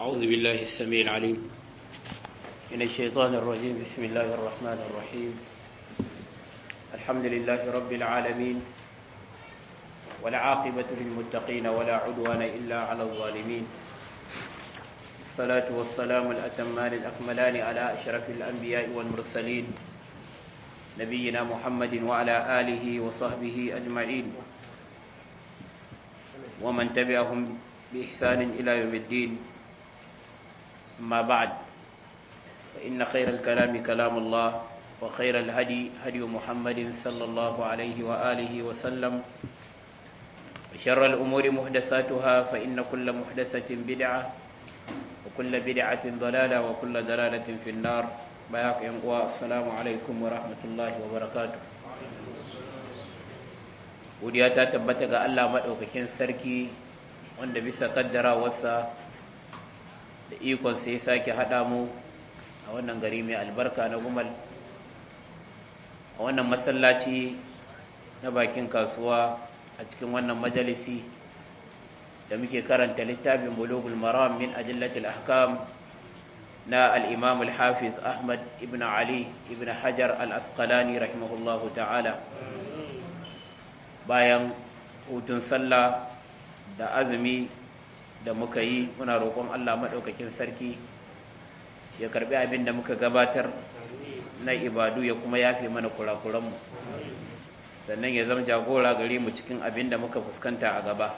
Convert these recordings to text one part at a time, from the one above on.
أعوذ بالله السميع العليم من الشيطان الرجيم بسم الله الرحمن الرحيم الحمد لله رب العالمين والعاقبة للمتقين ولا عدوان إلا على الظالمين الصلاة والسلام الأتمان الأكملان على أشرف الأنبياء والمرسلين نبينا محمد وعلى آله وصحبه أجمعين ومن تبعهم بإحسان إلى يوم الدين أما بعد فإن خير الكلام كلام الله وخير الهدي هدي محمد صلى الله عليه وآله وسلم وشر الأمور محدثاتها فإن كل محدثة بدعة وكل بدعة ضلالة وكل ضلالة في النار بياك السلام عليكم ورحمة الله وبركاته godiya ta tabbata ga Allah maɗaukakin sarki wanda bisa kaddara wasa da ikon sai sake haɗa mu a wannan gari mai albarka na gumal a wannan masallaci na bakin kasuwa a cikin wannan majalisi da muke karanta littafin bulugul maram min ajillatul ahkam na al al-hafiz ahmad ibn ali ibn hajar al-asqalani rahimahullahu ta'ala bayan hutun sallah da azumi da muka yi muna roƙon Allah maɗaukakin sarki ya karɓi abin da muka gabatar na ibadu ya kuma yafe mana kurakuranmu sannan ya zama jagora gare mu cikin abin da muka fuskanta a gaba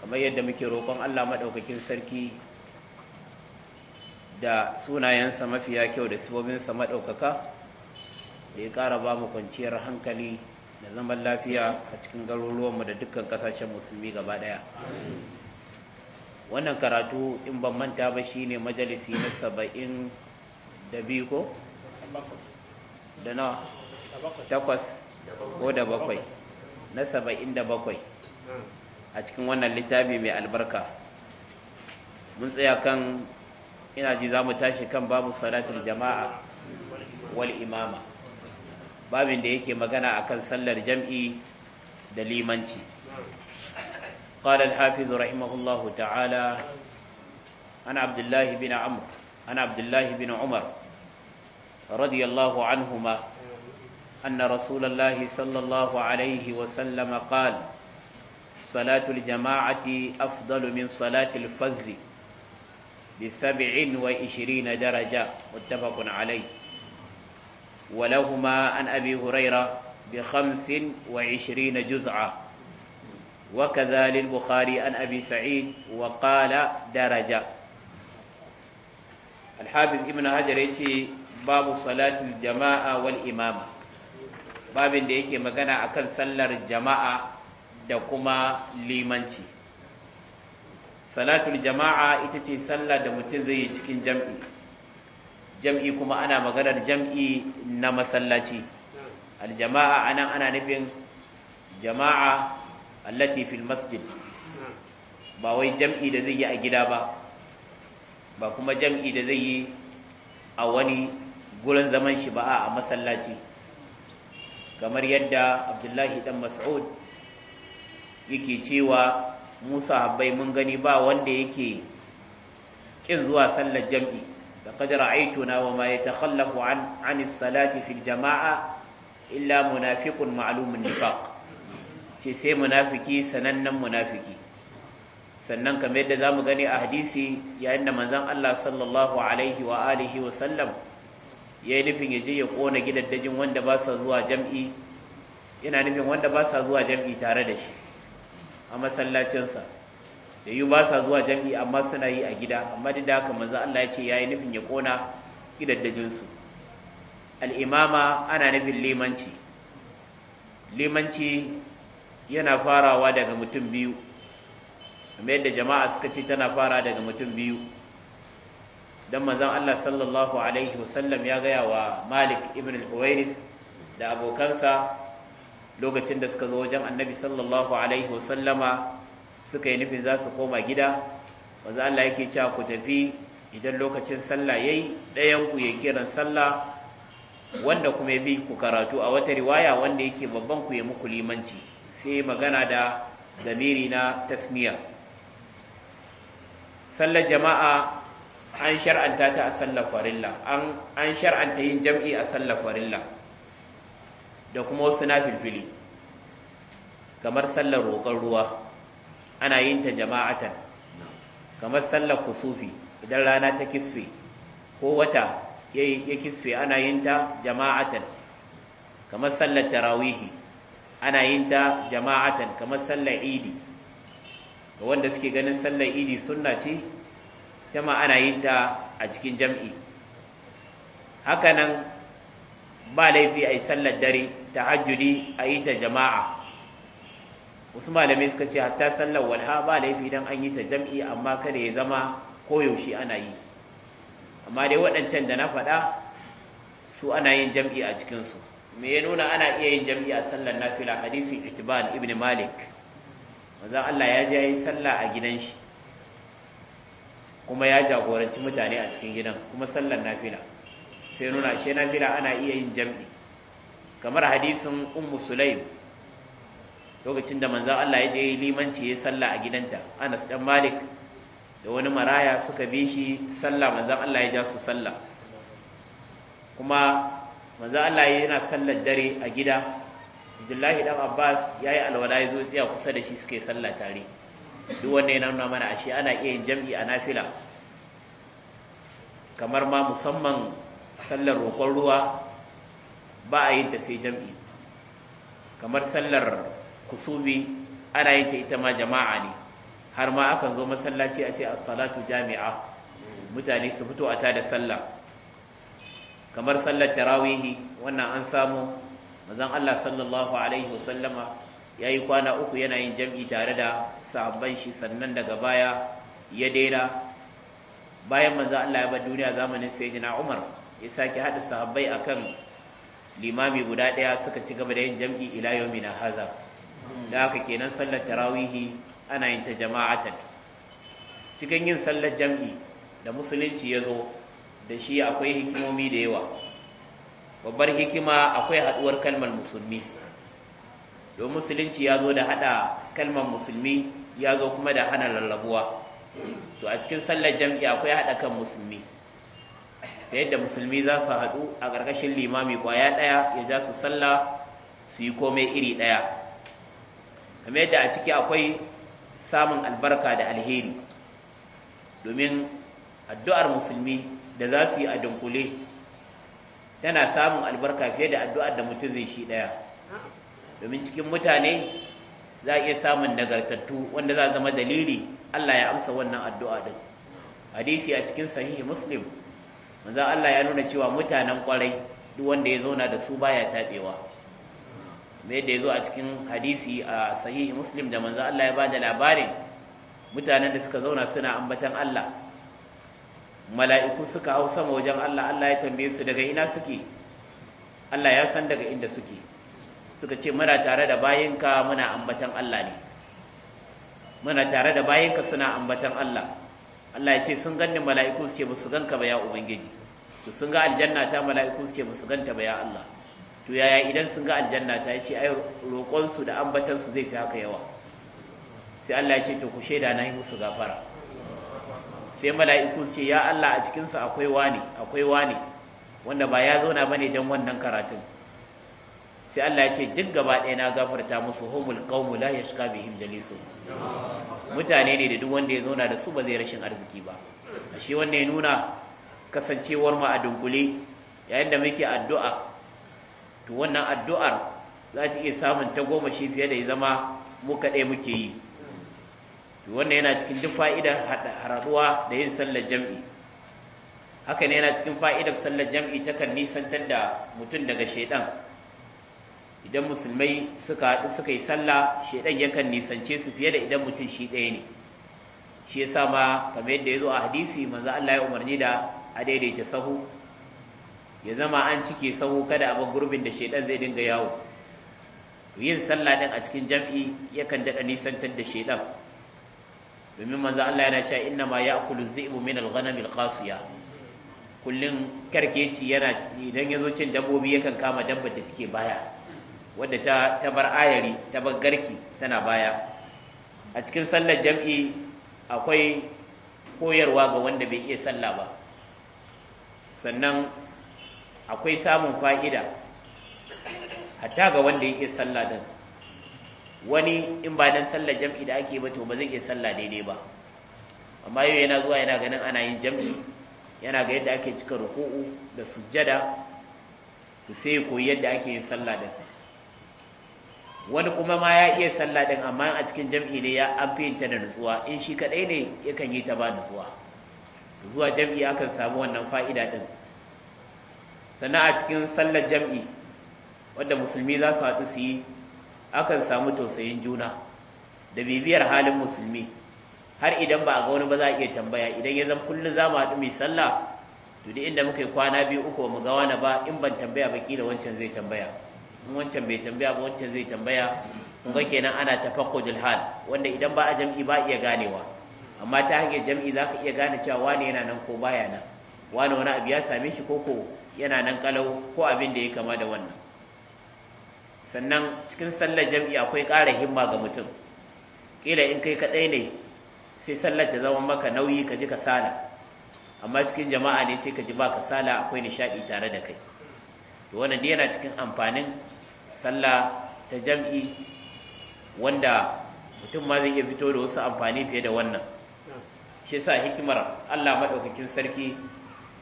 kamar yadda muke roƙon Allah maɗaukakin sarki da sunayensa mafiya kyau da sibobinsa maɗaukaka da ya ƙara ba mu kwanciyar hankali da zaman lafiya a cikin garuruwanmu da dukkan kasashen musulmi gaba daya wannan karatu in ban manta ba shine majalisi na saba'in da biyu ko da na takwas ko da bakwai na saba'in da bakwai a cikin wannan littafi mai albarka mun tsaya kan ina ji za mu tashi kan babu salatul jama'a wal imama babin da yake magana akan sallar jam'i da limanci قال الحافظ رحمه الله تعالى عن عبد الله بن عمرو عن عبد الله بن عمر رضي الله عنهما أن رسول الله صلى الله عليه وسلم قال صلاة الجماعة أفضل من صلاة الفذ بسبع وعشرين درجة متفق عليه ولهما عن أبي هريرة بخمس وعشرين جزعة وكذا للبخاري عن أبي سعيد وقال درجة الحافظ ابن هجر يتي باب صلاة الجماعة والإمامة باب da yake magana akan sallar jama'a da kuma limanci salatul jama'a ita ce sallah da mutum zai yi cikin jam'i jam'i kuma ana maganar jam'i na masallaci aljama'a anan ana nufin jama'a allati fil masjid ba wai jam'i da zai yi a gida ba ba kuma jam'i da zai yi a wani gurin zaman shi ba a masallaci kamar yadda abdullahi dan mas'ud yake cewa musa habbai mun gani ba wanda yake ƙin zuwa sallar jam'i لقد رأيتنا وما يتخلف عن عن الصلاة في الجماعة إلا منافق معلوم النفاق ce sai munafiki sanannen munafiki sannan kamar yadda zamu gani a hadisi yayin da manzon Allah sallallahu alaihi wa alihi wa sallam ya yi nufin ya je ya kona gidaddajin wanda ba sa zuwa jam'i yana nufin wanda ba sa zuwa jam'i tare da shi a masallacinsa da yi ba sa zuwa jam'i amma suna yi a gida amma duk da haka manzo Allah ya ce yayi nufin ya kona gidaddajin su al-imama ana nufin limanci limanci yana farawa daga mutum biyu kamar yadda jama'a suka ce tana fara daga mutum biyu dan manzo Allah sallallahu alaihi wasallam ya gaya wa Malik ibn al-Huwairis da abokansa lokacin da suka zo wajen Annabi sallallahu alaihi wasallama suka yi nufin za su koma gida wanzu Allah yake cewa ku tafi idan lokacin sallah ya yi ɗayanku ya kiran sallah wanda kuma ya bi ku karatu a wata riwaya wanda yake babban ku ya muku limanci sai magana da zamiri na tasmiya sallar jama'a an shar'anta ta a sallar farilla an shar'anta yin jam'i a sallar farilla da kuma wasu na filfili kamar sallar roƙon ruwa ana yin ta jama'atan kamar sallar kusufi idan rana ta kisfe ko wata ya kisfe ana yin ta jama'atan kamar sallar tarawihi ana yin ta jama'atan kamar sallar idi wanda suke ganin sallar idi sunna ce jama ana yin ta a cikin jam'i hakanan ba laifi a yi sallar dare ta hajjudi a yi ta jama'a wasu malamai suka ce hatta sallar walha ba laifi dan an yi ta jam'i amma kada ya zama koyaushe ana yi amma dai waɗancan da na faɗa su ana yin jam'i a cikinsu me ya nuna ana iya yin jam'i a sallar nafila hadisin itiban ibn malik wanzan allah ya je ya yi sallah a gidan shi kuma ya jagoranci mutane a cikin gidan kuma sallar nafila sai nuna shi nafila ana iya yin jam'i kamar hadisin ummu sulaim lokacin da manzan Allah ya je limanci ya sallah a gidanta Anas dan Malik da wani maraya suka bi shi salla manzon Allah ya ja su sallah kuma manzon Allah yana sallar dare a gida Abdullahi dan Abbas yayi alwala ya zo tsaya kusa da shi suka yi sallah tare duk wanda ya nuna mana ashe ana iya yin jam'i a nafila kamar ma musamman sallar roƙon ruwa ba a yin ta sai jam'i kamar sallar kusubi ana yin ta ita ma jama'a ne har ma akan zo masallaci a ce as-salatu jami'a mutane su fito a tada sallah kamar sallar tarawihi wannan an samu manzon Allah sallallahu alaihi wasallama yayi kwana uku yana yin jam'i tare da sahabban shi sannan daga baya ya daina bayan manzon Allah ya bar duniya zamanin sayyidina Umar ya sake hada sahabbai akan limami guda daya suka ci gaba da yin jam'i ila yawmina hadha da haka kenan sallar tarawihi ana yin ta jama'atan cikin yin sallar jam'i da musulunci ya zo da shi akwai hikimomi da yawa babbar hikima akwai haɗuwar kalmar musulmi don musulunci ya zo da haɗa kalmar musulmi ya zo kuma da hana lallabuwa to a cikin sallar jam'i akwai haɗa kan musulmi da yadda musulmi za su haɗu a ƙarƙashin limami kwaya ɗaya ya ja su sallah su yi komai iri ɗaya kamar yadda a ciki akwai samun albarka da alheri domin addu'ar musulmi da za su yi a dunkule tana samun albarka fiye da addu'ar da mutum zai shi ɗaya domin cikin mutane za a iya samun nagartattu wanda za a zama dalili Allah ya amsa wannan addu'a din hadisi a cikin sahihi muslim manzan Allah ya nuna cewa mutanen kwarai duk wanda ya zauna da su baya taɓewa me da zo a cikin hadisi a sahihi muslim da manzo Allah ya bada labarin mutanen da suka zauna suna ambatan Allah mala'iku suka hau sama wajen Allah Allah ya tambaye su daga ina suke Allah ya san daga inda suke suka ce muna tare da bayinka muna ambatan Allah ne muna tare da bayinka suna ambatan Allah Allah ya ce sun ganni mala'iku su ce musu ganka ba ya ubangiji su sun ga aljanna ta mala'iku su ce musu ganta ba ya Allah to yaya idan sun ga aljanna ta ce ai roƙon da ambatan su zai fi haka yawa sai Allah ya ce to ku shaida na yi musu gafara sai mala'iku ce ya Allah a cikinsu su akwai wani akwai wani wanda ba ya zauna bane dan wannan karatun sai Allah ya ce duk gaba ɗaya na gafarta musu humul qaumu la yashqa bihim jalisu mutane ne da duk wanda ya zauna da su ba zai rashin arziki ba shi wanda ya nuna kasancewar mu a dunkule yayin da muke addu'a to wannan addu'ar za ta iya samun ta goma shi fiye da ya zama mu kaɗai muke yi to wannan yana cikin duk fa'idar haraduwa da yin sallar jam'i haka ne yana cikin fa'idar sallar jam'i ta kan nisantar da mutum daga shaidan idan musulmai suka haɗu suka yi sallah shaidan yakan nisance su fiye da idan mutum shi ɗaya ne shi ya sa ma kamar yadda ya zo a hadisi manzo Allah ya umarni da a daidaita sahu ya zama an cike sahu kada a gurbin da shaidan zai dinga yawo yin sallah din a cikin jam'i yakan daɗa nisantar da shaidan domin manzo Allah yana cewa inna ma ya'kulu dhi'bu min al-ghanam al-qasiya kullun karkeci yana idan yazo cin dabbobi yakan kama dabbar da take baya wadda ta ta bar ayari ta bar garki tana baya a cikin sallar jam'i akwai koyarwa ga wanda bai iya sallah ba sannan akwai samun fa'ida hatta ga wanda yake sallah din wani in ba dan sallar jam'i da ake ba to ba zai iya sallah daidai ba amma yau yana zuwa yana ganin ana yin jam'i yana ga yadda ake cika ruku'u da sujjada ku sai ya koyi yadda ake yin sallah din wani kuma ma ya iya sallah din amma a cikin jam'i ne ya an fi yin da nutsuwa in shi kaɗai ne yakan yi ta ba nutsuwa zuwa jam'i akan samu wannan fa'ida din sannan a cikin sallar jam'i wadda musulmi za su haɗu su yi akan samu tausayin juna da bibiyar halin musulmi har idan ba a ga wani ba za a iya tambaya idan ya zama kullum za mu haɗu mai sallah to da inda muka yi kwana biyu uku mu ga wani ba in ban tambaya ba kila wancan zai tambaya in wancan bai tambaya ba wancan zai tambaya kun ga kenan ana tafaqqudul hal wanda idan ba a jam'i ba iya ganewa amma ta hanyar jam'i zaka iya gane cewa wane yana nan ko baya nan wane wani abu ya same shi ko ko yana nan kalau ko abin da ya kama da wannan sannan cikin sallar jam'i akwai ƙara himma ga mutum ƙila in kai kaɗai ne sai sallar ta zama maka nauyi ka ji ka sala amma cikin jama'a ne sai ka ji ba kasala akwai nishaɗi tare da kai to wannan yana cikin amfanin sallah ta jam'i wanda mutum ma zai iya fito da wasu amfani fiye da wannan shi sa hikimar Allah maɗaukakin sarki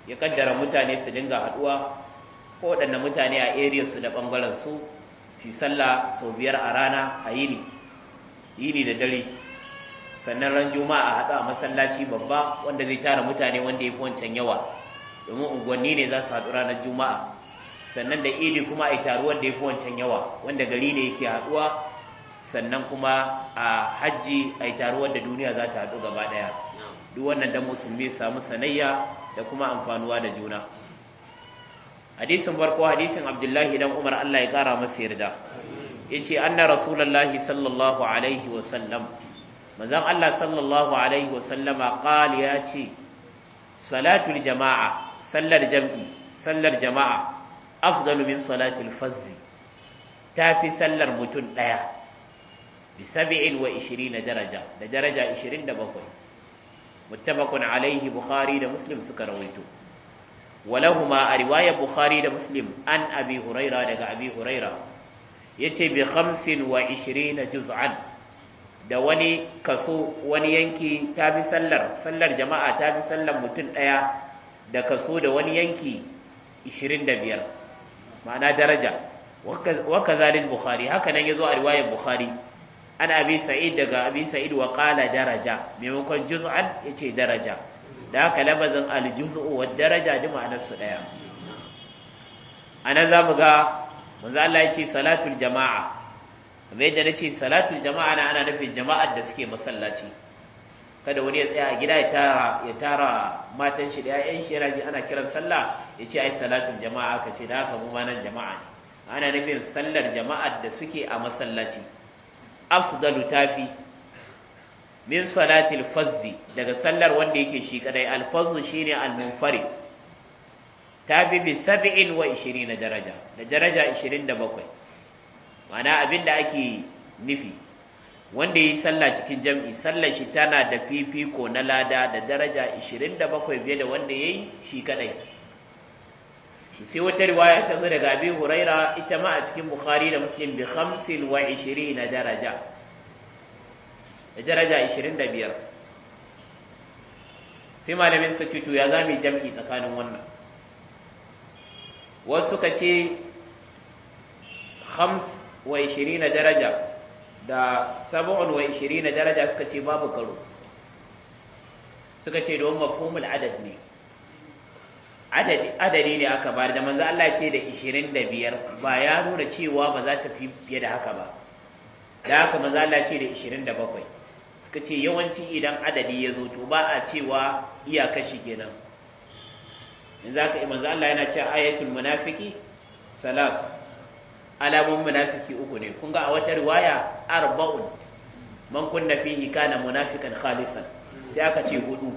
ya kaddara mutane su dinga haduwa ko waɗanda mutane a area su da bangaren su su sallah sau biyar a rana a yini yini da dare sannan ran juma'a haɗu a masallaci babba wanda zai tara mutane wanda ya fi wancan yawa domin unguwanni ne za su haɗu ranar juma'a sannan da idi kuma a taru wanda ya fi wancan yawa wanda gari ne yake haɗuwa sannan kuma a hajji a taru wanda duniya za ta haɗu gaba ɗaya duk wannan dan musulmi samu sanayya da kuma amfanuwa da juna hadisin farko hadisin abdullahi dan umar allah ya kara masa yarda yace ce anna rasulallahi sallallahu alaihi sallam. manzan allah sallallahu alaihi wasallama qal ya ce salatul jama'a sallar jam'i sallar jama'a afdalu min salatul fazzi ta fi sallar mutum ɗaya bi sab'in daraja da daraja 27 muttafaqun alaihi bukhari da muslim suka rawaito walahuma a riwayar bukhari da muslim an abi huraira daga abi huraira yace bi 25 juz'an da wani kaso wani yanki ta bi sallar sallar jama'a ta bi sallar mutum ɗaya da kaso da wani yanki 25 ma'ana daraja waka zalil bukhari haka nan ya zo a riwayar bukhari ana abi sa'id daga abi sa'id wa qala daraja maimakon juz'an yace daraja da haka labazin aljuz'u wa daraja da ma'anar su daya anan mu ga manzo Allah yace salatul jama'a kamar yadda nace salatul jama'a na ana nufin jama'ar da suke masallaci kada wani ya tsaya a gida ya tara matan shi da ƴaƴan shi yana ji ana kiran sallah yace ai salatul jama'a kace da haka mu ma nan jama'a ana nufin sallar jama'ar da suke a masallaci afdalu tafi min salatil fazzi daga sallar wanda yake shi kadai alfazzu shine almunfarid tafi bi 27 daraja da daraja 27 ma'ana abinda ake nufi wanda yi sallah cikin jam'i sallar shi tana da fifiko na lada da daraja 27 fiye da wanda yayi shi kadai sai wata riwaya ta zo daga Abi Huraira ita ma a cikin Bukhari da Muslim bi 25 daraja da daraja 25 sai malamin suka ce to ya zame mu jam'i tsakanin wannan wasu suka ce 25 daraja da 27 daraja suka ce babu karo suka ce don mafhumul adad ne adadi ne aka bayar da manzo Allah ce da 25 ba ya nuna cewa ba za ta fi fiye da haka ba da haka manzo Allah ce da 27 suka ce yawanci idan adadi ya zo to ba a cewa iyakar shi kenan ka yi manzo Allah yana cewa ayatul munafiki salas alamun munafiki uku ne kun ga a wata riwaya arba'un man kunna fihi kana munafikan khalisan sai aka ce hudu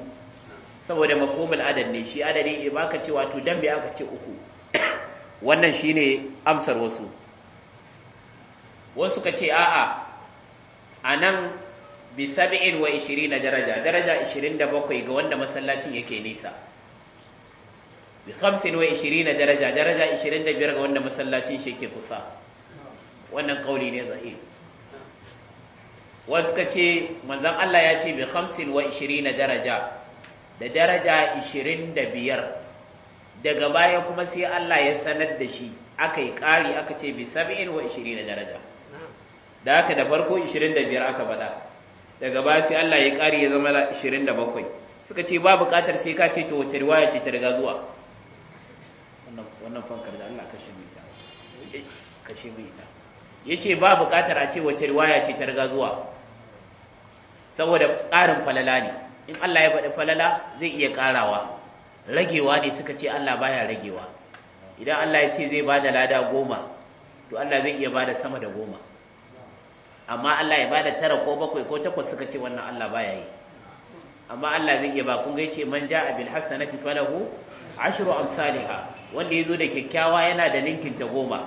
saboda makomul adad ne shi adadi ibaka ce wato dan me aka ce uku wannan shine amsar wasu wasu ka ce a'a anan bi 27 daraja daraja 27 ga wanda masallacin yake nisa bi 25 daraja daraja 25 ga wanda masallacin shi yake kusa wannan kauli ne zahir wasu ka ce manzon Allah ya ce bi 25 daraja da daraja 25 daga baya kuma sai Allah ya sanar da shi aka yi ƙari aka ce bi 27 daraja da haka da farko 25 aka bada daga baya sai Allah ya ƙari ya zama 27 suka ce ba buƙatar sai ka ce to wace riwaya ce ta riga zuwa wannan fankar da Allah kashe mai ta kashe mai ta yace ba buƙatar a ce wace riwaya ce ta riga zuwa saboda ƙarin falala ne in Allah ya faɗi falala zai iya ƙarawa ragewa ne suka ce Allah baya ragewa idan Allah ya ce zai bada lada goma to Allah zai iya bada sama da goma amma Allah ya bada tara ko bakwai ko takwas suka ce wannan Allah baya yi amma Allah zai iya ba kun ga yace man ja'a bil hasanati falahu ashru amsalha wanda yazo da kyakkyawa yana da ninkin ta goma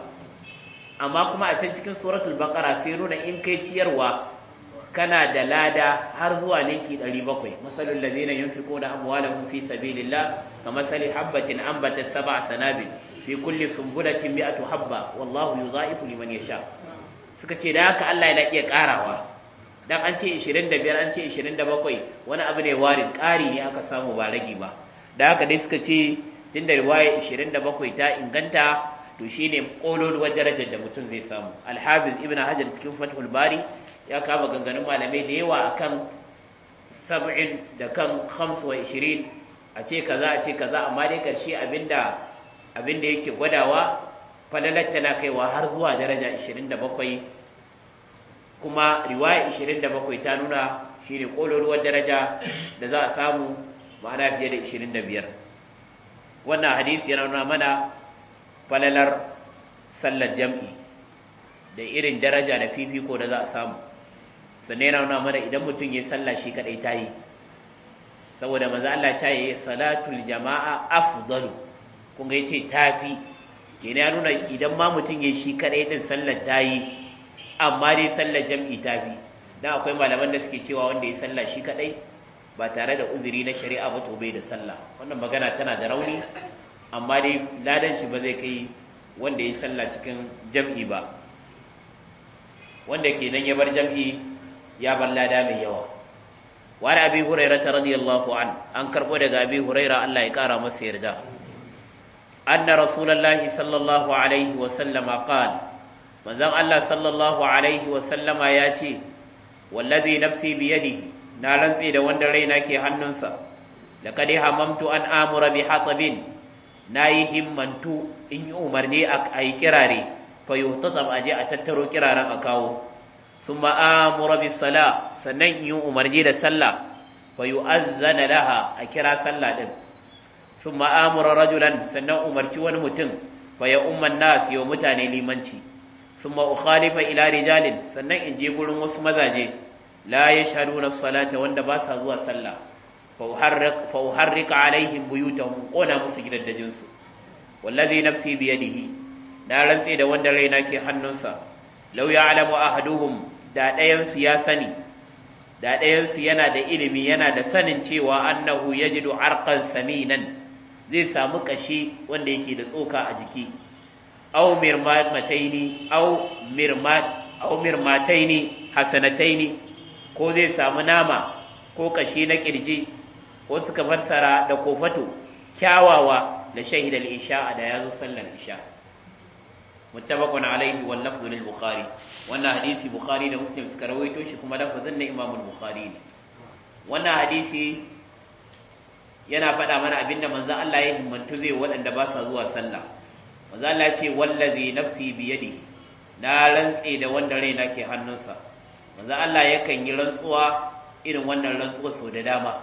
amma kuma a can cikin suratul baqara sai nuna in kai ciyarwa kana da lada har zuwa ninki 700 masalul ladina yunfiquna amwalahum fi sabilillah kamasali habbatin ambatat sab'a sanabil fi kulli sumbulatin mi'atu habba wallahu yudha'ifu liman yasha suka ce da haka Allah na iya karawa dan an ce 25 an ce 27 wani abu ne warin ƙari ne aka samu ba ragi ba da haka dai suka ce tunda riwaya 27 ta inganta to shine kololuwar darajar da mutum zai samu al ibnu ibn hajar cikin fathul bari ya kama ganganin malamai da yawa akan sab'in da kan 25 a ce kaza a ce kaza amma dai karshe abinda abinda yake gwadawa falalar tana kaiwa har zuwa daraja 27 kuma riwaya 27 ta nuna shine kololuwar daraja da za a samu ma'ana fiye da 25 wannan hadisi yana nuna mana falalar sallar jam'i da irin daraja da fifiko da za a samu sannan yana nuna mana idan mutum ya sallah shi kadai ta yi saboda maza Allah ta yi salatul jama'a afdalu kun ga yace tafi kenan ya nuna idan ma mutum ya shi kadai din sallar ta yi amma dai sallar jam'i tafi dan akwai malaman da suke cewa wanda ya sallah shi kadai ba tare da uzuri na shari'a ba to bai da sallah wannan magana tana da rauni amma dai ladan shi ba zai kai wanda ya sallah cikin jam'i ba wanda kenan ya bar jam'i ya bar lada mai yawa wa abi huraira ta radiyallahu an an karbo daga abi huraira Allah ya kara masa yarda anna rasulullahi sallallahu alaihi wa sallama qala manzon Allah sallallahu alaihi wa sallama ya ce wallazi nafsi yadi na rantse da wanda raina ke hannunsa laqad hamamtu an amura bi hatabin nayi himmantu in yi umarni a yi kirare fa yuhtasab aje a tattaro kiraren a kawo sun ma'amura bi sala sannan yin umarni da sallah fa yu'azzana laha a kira sallah din sun ma'amura rajulan sannan umarci wani mutum baya ya umman nas yau mutane limanci sun ma'ukhalifa ila rijalin sannan in je gurin wasu mazaje la yashhaduna salata wanda ba sa zuwa sallah fa uharrika alaihim ta kona musu gidaddajinsu wallazi nafsi biyadihi na rantse da wanda raina ke hannunsa law Alamu ahaduhum da ɗayansu ya sani da ɗayansu yana da ilimi yana da sanin cewa annahu yajidu arqan saminan zai samu kashi wanda yake da tsoka a jiki aw mirmataini aw mirmat aw mirmataini hasanataini ko zai samu nama ko kashi na kirji ko suka fassara da kofato kyawawa da shahidal isha da yazo sallar isha muttafaqun alaihi wal lafzu lil bukhari wannan hadisi bukhari da muslim suka rawaito shi kuma lafazin na imamul bukhari ne wannan hadisi yana faɗa mana abinda manzo Allah ya himmantu zai waɗanda ba sa zuwa sallah manzo Allah ya ce wallazi nafsi yadi na rantse da wanda raina ke hannunsa manzo Allah yakan yi rantsuwa irin wannan rantsuwa sau da dama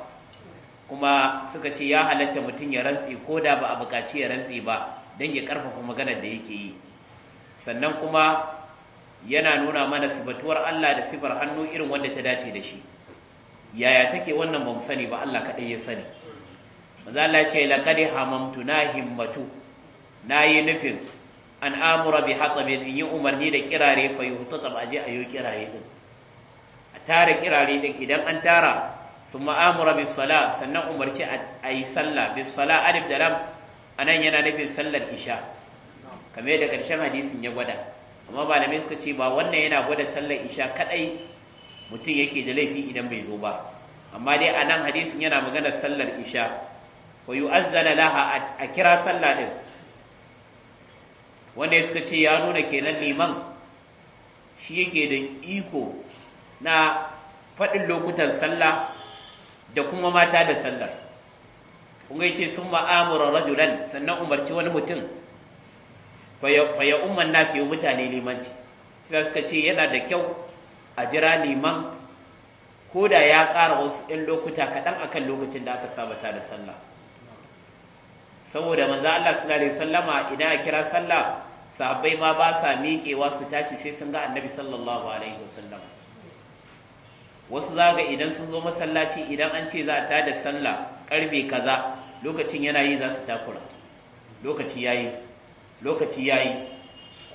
kuma suka ce ya halatta mutum ya rantse ko da ba a bukaci ya rantse ba don ya karfafa maganar da yake yi sannan kuma yana nuna mana sifatuwar Allah da sifar hannu irin wanda ta dace da shi yaya take wannan ba mu sani ba Allah kaɗai ya sani maza Allah ce laqad hamamtu na himmatu nayi nufin an amura bi hatabin in yi umarni da kirare fa yuhtatab aje ayo kirare din a tara kirare din idan an tara thumma ma'amura bi sala sannan umarci a yi sallah bi sala alif da lam anan yana nufin sallar isha kamar da ƙarshen hadisin ya gwada amma malamai suka ce ba wannan yana gwada sallar isha kadai mutum yake da laifi idan bai zo ba amma dai a nan hadisin yana magana sallar isha wa azzana laha a kira sallah din wanda ya suka ce ya nuna kenan liman shi yake da iko na faɗin lokutan sallah da kuma mata da sallar kun ce sun ma'amura rajulan sannan umarci wani mutum faya umman nasu yi mutane limanci sai suka ce yana da kyau a jira liman ko da ya ƙara wasu ɗin lokuta kaɗan akan lokacin da aka sabata da sallah saboda manzo Allah suna da sallama idan a kira sallah sahabbai ma ba sa miƙewa su tashi sai sun ga annabi sallallahu alaihi wasallam wasu za ga idan sun zo masallaci idan an ce za a da sallah ƙarfe kaza lokacin yana yi za su takura lokaci ya yi. lokaci ya yi.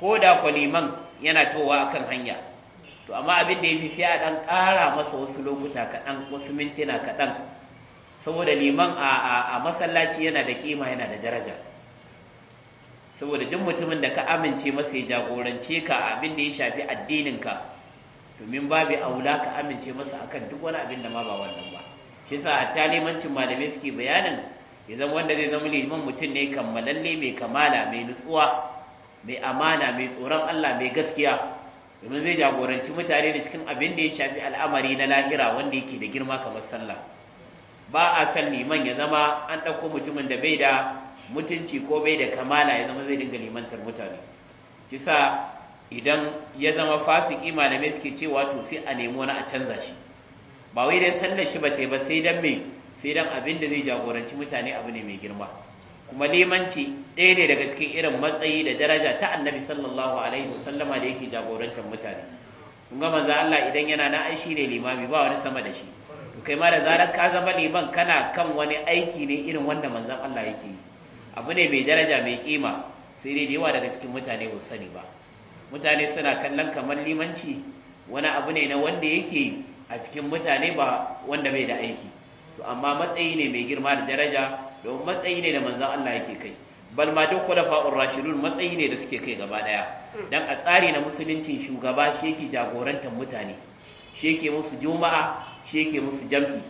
ko da kwaliman yana towa akan hanya to amma abin da ya fi sai a ɗan ƙara masa wasu lokuta kaɗan wasu mintuna kaɗan saboda liman a masallaci yana da kima yana da daraja saboda duk mutumin da ka amince masa ya jagorance ka abin da ya shafi addinin ka domin babu aula ka amince masa akan duk wani abin da ma ba wannan ba shi sa hatta limancin malamai suke bayanin ya zama wanda zai zama liman mutum ne kammalalle mai kamala mai nutsuwa mai amana mai tsoron Allah mai gaskiya domin zai jagoranci mutane da cikin abin da ya shafi al'amari na lahira wanda yake da girma kamar sallah ba a san liman ya zama an ɗauko mutumin da bai da mutunci ko bai da kamala ya zama zai dinga limantar mutane kisa idan ya zama fasiki malamai suke cewa to sai a nemi na a canza shi ba wai dai sallar shi ba ta ba sai dan me sai dan abin da zai jagoranci mutane abu ne mai girma kuma limanci ɗaya ne daga cikin irin matsayi da daraja ta annabi sallallahu alaihi wasallama da yake jagorantar mutane kun ga manzo Allah idan yana na aishi ne limami ba wani sama da shi to kai ma da zarar ka zama liman kana kan wani aiki ne irin wanda manzo Allah yake yi abu ne mai daraja mai kima sai dai da yawa daga cikin mutane ba sani ba mutane suna kallon kamar limanci wani abu ne na wanda yake a cikin mutane ba wanda bai da aiki to amma matsayi ne mai girma da daraja domin matsayi ne da manzan Allah yake kai bal ma duk khulafa'ur rashidun matsayi ne da suke kai gaba daya hmm. dan a tsari na musuluncin shugaba shi yake jagorantar mutane shi yake musu juma'a shi yake musu jam'i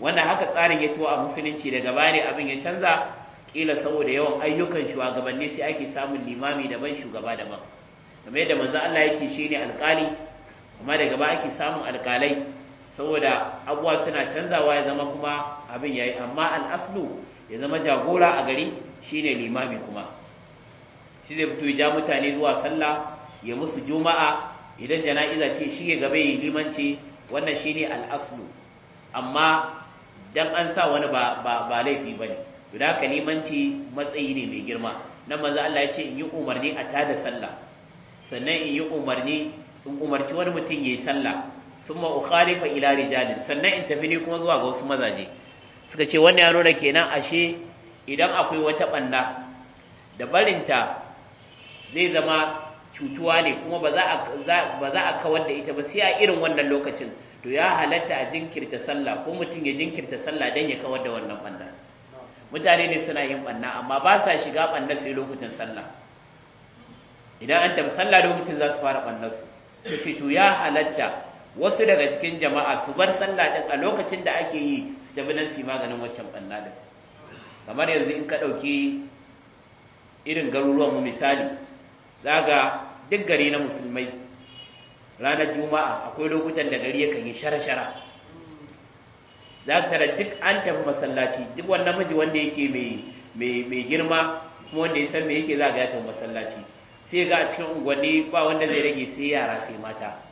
Wannan haka tsarin ya to a musulunci da gaba ne abin ya canza kila saboda yawan ayyukan shugabanni sai ake samun limami daban shugaba daban kamar yadda manzo Allah yake shine alƙali amma daga ba ake samun alƙalai saboda abubuwa suna canzawa ya zama kuma abin yayi amma al'aslu ya zama jagora a gari shine limami kuma shi zai fito ja mutane zuwa sallah ya musu juma'a idan jana'iza ce shi ya gaba yi limanci wannan shine al'aslu amma dan an sa wani ba ba, ba laifi bane to da haka limanci matsayi ne mai girma nan manzo Allah ya ce in yi umarni a tada sallah sannan in yi umarni in umarci wani mutum yayi sallah summa ukhalifa ila rijalin sannan in tafi ni kuma zuwa ga wasu mazaje suka ce wannan ya nuna kenan ashe idan akwai wata banna da barinta zai zama cutuwa ne kuma ba za a kawar da ita ba sai a irin wannan lokacin to ya halatta a jinkirta sallah ko mutum ya jinkirta sallah don ya kawar da wannan banda mutane ne suna yin banna amma ba sa shiga banna sai lokutan sallah idan an tafi sallah lokacin za su fara banna su to ya halatta wasu daga cikin jama'a su bar sallah din a lokacin da ake yi su tafi nan su maganin waccan banna din kamar yanzu in ka ɗauki irin garuruwan mu misali zaga duk gari na musulmai ranar juma'a akwai lokutan da gari yakan yi shara-shara za ka tara duk an tafi masallaci duk wani namiji wanda yake mai girma kuma wanda ya san me yake za ga ya tafi masallaci sai ga a cikin unguwanni ba wanda zai rage sai yara sai mata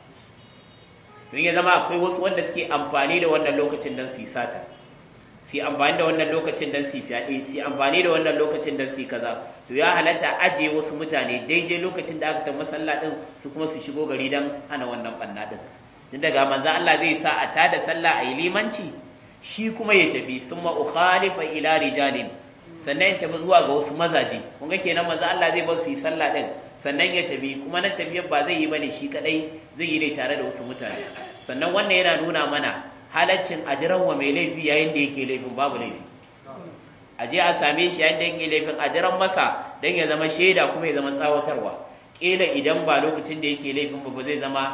don ya zama akwai wasu wanda suke amfani da wannan lokacin don su yi sata su yi amfani da wannan lokacin don su yi fyaɗe su yi amfani da wannan lokacin don su yi kaza to ya halatta ajiye wasu mutane daidai lokacin da aka tafi sallah din su kuma su shigo gari don hana wannan ɓanna din tun daga manzan Allah zai sa a tada sallah a yi limanci shi kuma ya tafi sun ma ila rijalin sannan ya tafi zuwa ga wasu mazaje kun ga kenan manzo Allah zai bar su yi sallah din sannan ya tafi kuma nan tafiyar ba zai yi bane shi kadai zai yi ne tare da wasu mutane sannan wannan yana nuna mana halaccin ajiran wa mai laifi yayin da yake laifin babu laifi a je a same shi yayin da yake laifin ajiran masa dan ya zama shaida kuma ya zama tsawatarwa kila idan ba lokacin da yake laifin ba zai zama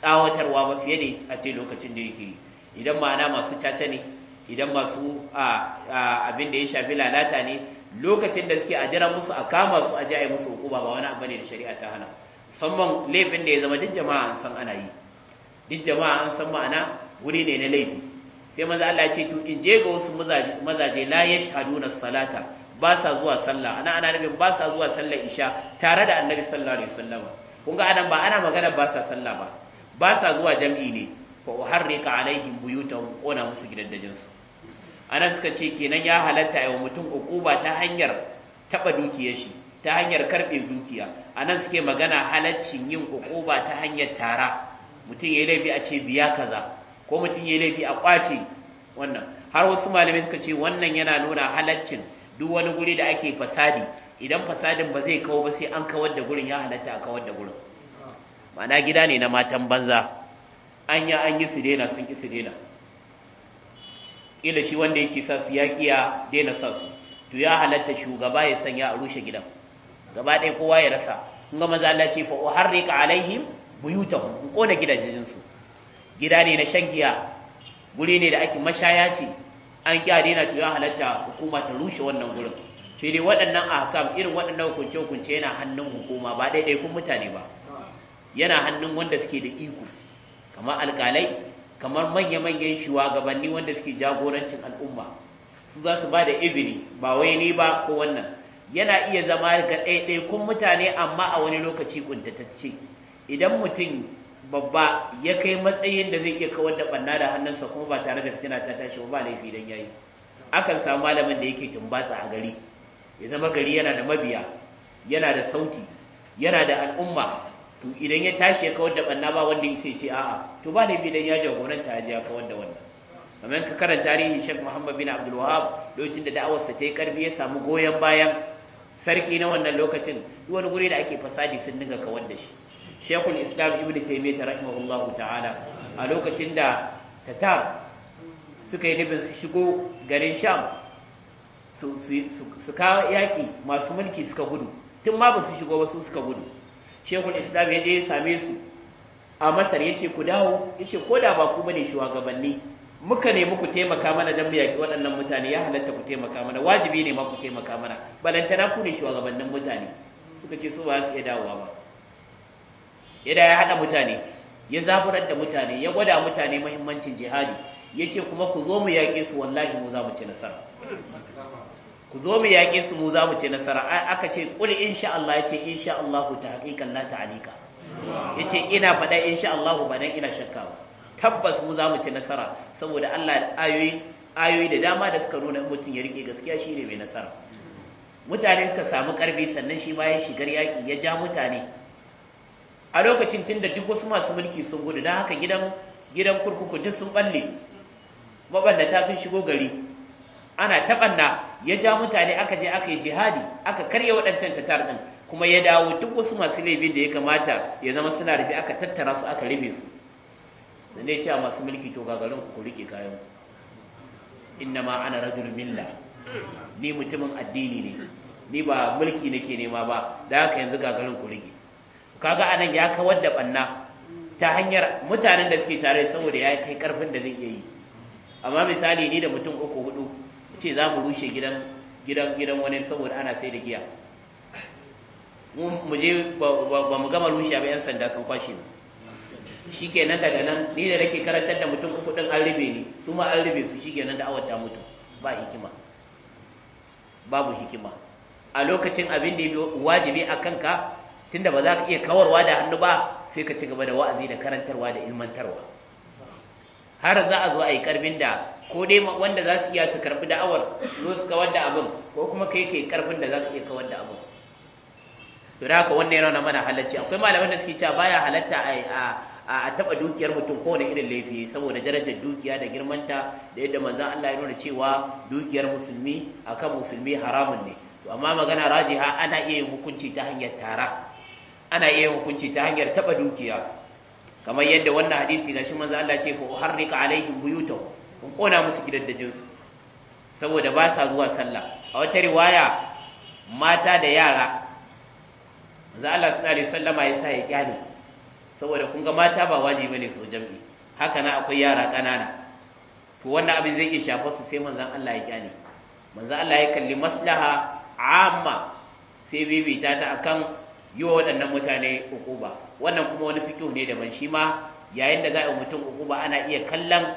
tsawatarwa ba fiye da a ce lokacin da yake idan ma'ana masu caca ne idan masu abin da ya shafi lalata ne lokacin da suke ajira musu a kama su a yi musu hukuma ba wani abu ne da shari'a ta hana musamman laifin da ya zama duk jama'a an san ana yi duk jama'a an san ma'ana wuri ne na laifi sai maza Allah ce to in je ga wasu mazaje la na salata ba sa zuwa sallah ana ana ba sa zuwa sallar isha tare da annabi sallallahu alaihi wasallam kun ga anan ba ana magana ba sa sallah ba ba sa zuwa jam'i ne fa uharrika alaihim buyutahum kona musu su. anan suka ce kenan ya halatta yau mutum ukuba ta hanyar taba dukiyar shi ta hanyar karbe dukiya anan suke magana halaccin yin ukuba ta hanyar tara mutum yi laifi a ce biya kaza ko mutum yi laifi a kwace wannan har wasu malamai suka ce wannan yana nuna halaccin duk wani guri da ake fasadi idan fasadin ba zai kawo ba sai an kawar da gurin ya halatta a kawar da gurin ma'ana gida ne na matan banza an yi an yi su daina sun ki su daina kila shi wanda yake sa su ya kiya daina sa su to ya halatta shugaba ya sanya a rushe gidan gaba ɗaya kowa ya rasa kun ga maza Allah ce fa uharrika alaihim buyutahum ku kona gidajen su gida ne na shan giya guri ne da ake mashaya ce an kiya daina to ya halatta hukuma ta rushe wannan gurin sai dai waɗannan ahkam irin waɗannan hukunce hukunce yana hannun hukuma ba kun mutane ba yana hannun wanda suke da iko kamar alƙalai kamar manya-manyan shugabanni wanda suke jagorancin al'umma su za su ba da izini ba wai ni ba ko wannan yana iya zama ga kun mutane amma a wani lokaci kuntatacce idan mutum babba ya kai matsayin da zai iya kawar da ɓanna da hannunsa kuma ba tare da fitina ta tashi ba laifi don yayi akan samu malamin da yake tumbatsa a gari ya zama gari yana da mabiya yana da sauti yana da al'umma to idan ya tashi ya kawar da banna ba wanda ya ce a'a to ba laifi dan ya jagoranta ya jiya kawar da wannan kamar ka karanta tarihin Sheikh Muhammad bin Abdul Wahab lokacin da da'awarsa ta yi karfi ya samu goyon bayan sarki na wannan lokacin duk wani guri da ake fasadi sun dinga kawar da shi Sheikhul Islam Ibn Taymiyyah rahimahullahu ta'ala a lokacin da Tatar suka yi nufin su shigo garin Sham su kawo yaƙi masu mulki suka gudu tun ma ba su shigo ba su suka gudu shekul islam ya je ya same su a masar ya ce ku dawo ya ce ko da ba ku bane shugabanni muka ne muku taimaka mana don mu yaƙi waɗannan mutane ya halatta ku taimaka mana wajibi ne ma ku taimaka mana balantana ku ne shugabannin mutane suka ce su ba su iya dawowa ba yadda ya haɗa mutane ya zaburar da mutane ya gwada mutane muhimmancin jihadi ya ce kuma ku zo mu yaƙe su wallahi mu za mu ci nasara ku zo mu yaƙe su mu za mu ce nasara aka ce kul insha Allah yace insha Allah ta haqiqan la ta'alika ce, ina faɗa insha Allah ba nan ina shakka ba tabbas mu za mu ce nasara saboda Allah da ayoyi ayoyi da dama da suka nuna mutum ya rike gaskiya shine mai nasara mutane suka samu karfi sannan shi bayan shigar yaƙi ya ja mutane a lokacin tun da duk wasu masu mulki sun gudu don haka gidan kurkuku duk sun balle ta sun shigo gari ana taɓanna ya ja mutane aka je aka yi jihadi aka karya waɗancan tatar ɗin kuma ya dawo duk wasu masu laifin da ya kamata ya zama suna rufe aka tattara su aka rufe su da ne cewa masu mulki to gagarin ku rike kayan inna ma ana rajul milla ni mutumin addini ne ni ba mulki nake nema ba da haka yanzu gagarin ku rike kaga anan ya kawar da banna ta hanyar mutanen da suke tare saboda ya kai karfin da zai iya yi amma misali ni da mutum uku ce za mu rushe gidan gidan wani saboda ana sai da giya mu je ba mu gama rushe ba yan sanda sun kwashe mu nan daga nan ni da nake karantar da mutum uku ɗin an ribe ni su ma an ribe su nan da awata mutu ba hikima babu hikima a lokacin abin da ya wajibi a kanka tunda ba za ka iya kawarwa da hannu ba sai ka ci gaba da wa'azi da karantarwa da ilmantarwa har za a zo a yi karbin da ko dai wanda za su iya su karbi da'awar zo su kawar da abin ko kuma kai kai karfin da za ka iya kawar da abin to da haka wannan yana nuna mana halacci akwai malaman da suke cewa baya halatta a a taba dukiyar mutum ko irin laifi saboda darajar dukiya da girmanta da yadda manzon Allah ya nuna cewa dukiyar musulmi akan musulmi haramun ne to amma magana rajiha ana iya yin hukunci ta hanyar tara ana iya yin hukunci ta hanyar taba dukiya kamar yadda wannan hadisi gashi manzo Allah ce ko harrika alaihim buyutahum kun kona musu gidan da jinsu saboda ba sa zuwa sallah a wata riwaya mata da yara za Allah suna da sallama ya sa ya kyale saboda kun ga mata ba wajibi ne su jam'i haka na akwai yara ƙanana to wannan abin zai iya shafa su sai manzon Allah ya kyale manzon Allah ya kalli maslaha amma sai bibita ta akan yi wa waɗannan mutane ukuba wannan kuma wani fikihu ne daban shi ma yayin da za a mutum ukuba ana iya kallon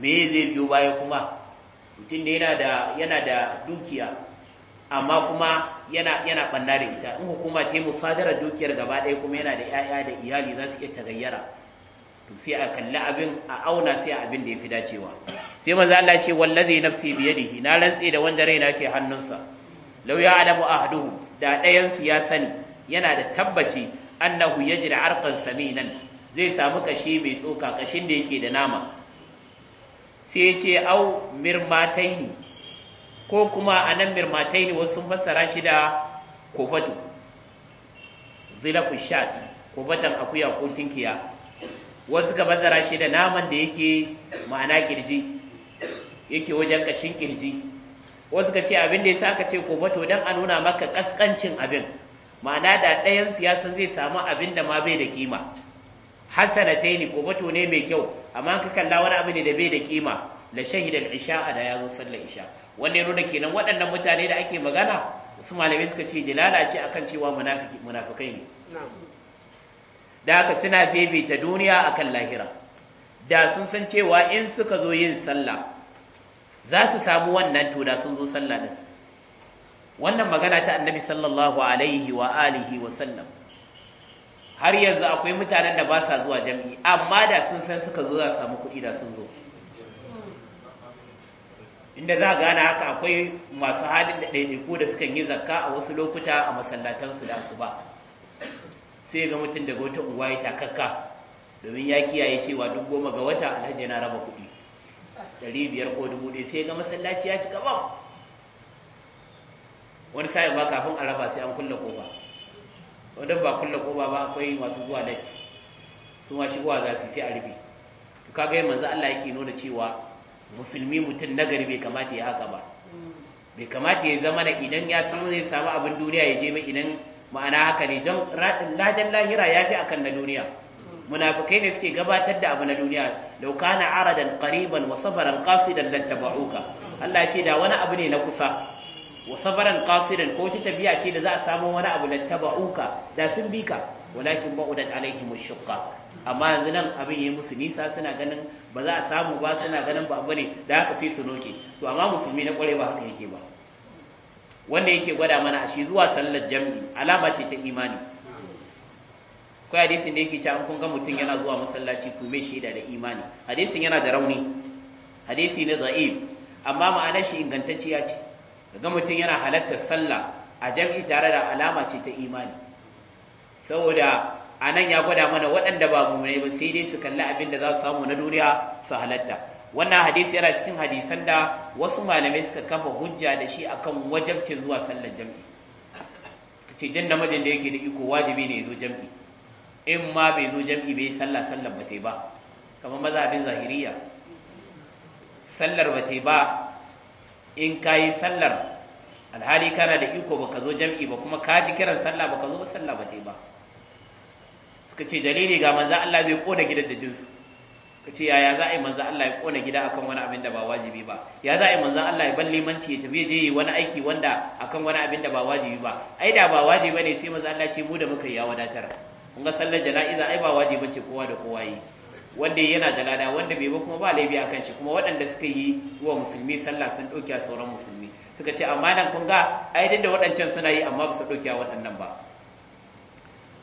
me zai biyo baya kuma mutum da yana da da dukiya amma kuma yana ɓanna da ita in hukuma ta yi musadarar dukiyar gaba ɗaya kuma yana da 'ya'ya da iyali za su iya tagayyara to sai a kalli abin a auna sai abin da ya fi dacewa sai manzo Allah ce wallazi nafsi da na rantse da wanda raina ke hannunsa law ya adamu ahduhu da ɗayan su ya sani yana da tabbaci annahu yaji yajri arqan saminan zai samu kashi mai tsoka kashin da yake da nama sai ce au mirmataini ko kuma a nan mirmataini wasu fassara shi da kofatu zilafin shat kofatan akuya ko tinkiya wasu ka fassara shi da naman da yake ma'ana kirji yake wajen kashin kirji wasu ka ce abin da ya sa ka ce kofato don a nuna maka kaskancin abin ma'ana da ɗayan siyasan zai samu abin da ma bai da kima hasanataini bato ne mai kyau amma ka kalla wani abu ne da bai da kima la shahidal isha'a da yazo sallar isha wanne ne kenan waɗannan mutane da ake magana su malamai suka ce jilala ce akan cewa munafiki munafikai ne da haka suna ta duniya akan lahira da sun san cewa in suka zo yin sallah za su samu wannan to da sun zo sallah din wannan magana ta annabi sallallahu alaihi wa alihi wa sallam har yanzu akwai mutanen da ba sa zuwa jam'i amma da sun san suka zo za su samu kuɗi da sun zo inda za a gane haka akwai masu halin da ko da sukan yi zakka a wasu lokuta a masallatansu da su ba sai ga mutum daga wata uwa ya takakka domin ya kiyaye cewa duk goma ga wata alhaji na raba kuɗi ɗari biyar ko dubu ɗaya sai ga masallaci ya ci gaban wani sa'in ba kafin a raba sai an kulle kofa wadda ba kulle ko ba akwai masu zuwa latti su ma zuwa za su sai a rufe to kaga manzo Allah yake nuna cewa musulmi mutum na gari bai kamata ya haka ba bai kamata ya zama da idan ya samu zai samu abin duniya ya je mai idan ma'ana haka ne don ladan lahira ya fi akan na duniya munafukai ne suke gabatar da abu na duniya lau kana aradan qariban wa sabaran qasidan lan tabu'uka Allah ya ce da wani abu ne na kusa wasabaran sabaran ko ta tafiya ce da za a samu wani abu da uka, da sun bika walakin ba'udat alaihi ash-shaqqa amma yanzu nan abin yayi musu nisa suna ganin ba za a samu ba suna ganin ba bane da haka sai su noke to amma musulmi na kware ba haka yake ba wanda yake gwada mana a shi zuwa sallar jam'i alama ce ta imani kai hadisin da yake cewa kun ga mutum yana zuwa masallaci to me shaida da imani hadisin yana da rauni hadisi ne da'if amma ma'anar shi ingantacciya ce ga mutum yana halartar sallah a jam'i tare da alama ce ta imani saboda a nan ya gwada mana waɗanda ba mummunai ba sai dai su kalli abin da za su samu na duniya su halatta wannan hadisi yana cikin hadisan da wasu malamai suka kafa hujja da shi akan wajabcin zuwa sallar jam'i kace dan namijin da yake da iko wajibi ne ya zo jam'i in ma bai zo jam'i bai sallah sallar ba ta ba kamar mazhabin zahiriya sallar ba ta ba in ka yi sallar alhali kana da iko ba ka zo jam'i ba kuma ka ji kiran sallah ka zo ba sallah ba ta ba suka ce dalili ga manzo Allah zai kona gidan da jinsu ka ce yaya za a yi manzo Allah ya kona gida akan wani abin da ba wajibi ba ya za a yi manzo Allah ya ban limanci ya tafi je wani aiki wanda akan wani abin da ba wajibi ba ai da ba wajibi ne sai manzo Allah ce mu da muka yi ya wadatar kun ga sallar jana'iza ai ba wajibi bace kowa da kowa yi wanda yana da lada wanda bai ba kuma ba laifi akan shi kuma waɗanda suka yi wa musulmi sallah sun ɗauki a sauran musulmi suka ce amma nan kun ga ai da waɗancan suna yi amma ba su ɗauki a waɗannan ba